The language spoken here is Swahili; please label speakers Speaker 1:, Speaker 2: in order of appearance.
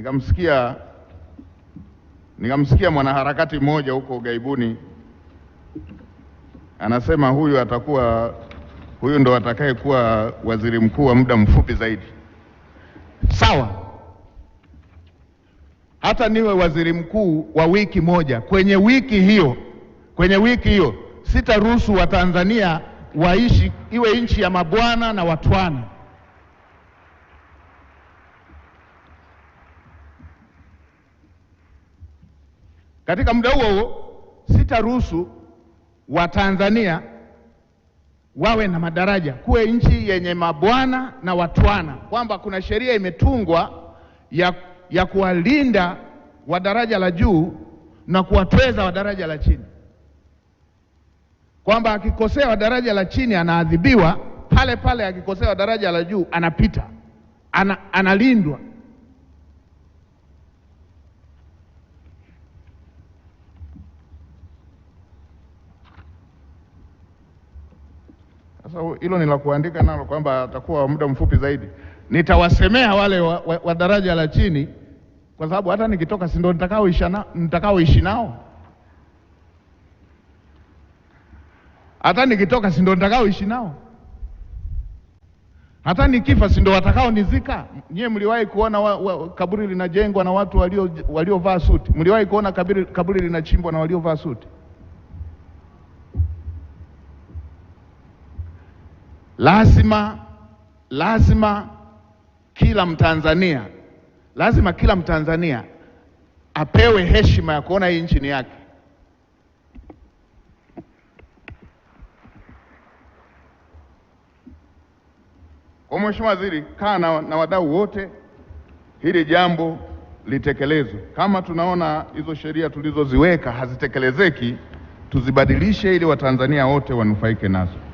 Speaker 1: Nikamsikia nikamsikia mwanaharakati mmoja huko gaibuni anasema huyu atakuwa huyu ndo atakayekuwa waziri mkuu wa muda mfupi zaidi.
Speaker 2: Sawa, hata niwe waziri mkuu wa wiki moja, kwenye wiki hiyo, kwenye wiki hiyo sitaruhusu Watanzania waishi iwe nchi ya mabwana na watwana. Katika muda huo huo sitaruhusu Watanzania wawe na madaraja, kuwe nchi yenye mabwana na watwana, kwamba kuna sheria imetungwa ya, ya kuwalinda wa daraja la juu na kuwatweza wa daraja la chini, kwamba akikosea wa daraja la chini anaadhibiwa pale pale, akikosea wa daraja la juu anapita ana, analindwa.
Speaker 1: Sasa hilo ni la kuandika nalo kwamba atakuwa muda mfupi zaidi.
Speaker 2: Nitawasemea wale wa, wa, wa daraja la chini, kwa sababu hata nikitoka si ndo nitakaoishi nao, hata nikitoka si ndo nitakaoishi nao, hata nikifa si ndio watakaonizika. Nyie mliwahi kuona wa, wa, kaburi linajengwa na watu waliovaa walio suti? Mliwahi kuona kaburi, kaburi linachimbwa na waliovaa suti? Lazima lazima kila Mtanzania lazima kila Mtanzania apewe heshima ya kuona hii nchi ni yake.
Speaker 1: Kwa Mheshimiwa Waziri, kaa na, na wadau wote hili jambo litekelezwe. Kama tunaona hizo sheria tulizoziweka hazitekelezeki, tuzibadilishe ili Watanzania wote wanufaike nazo.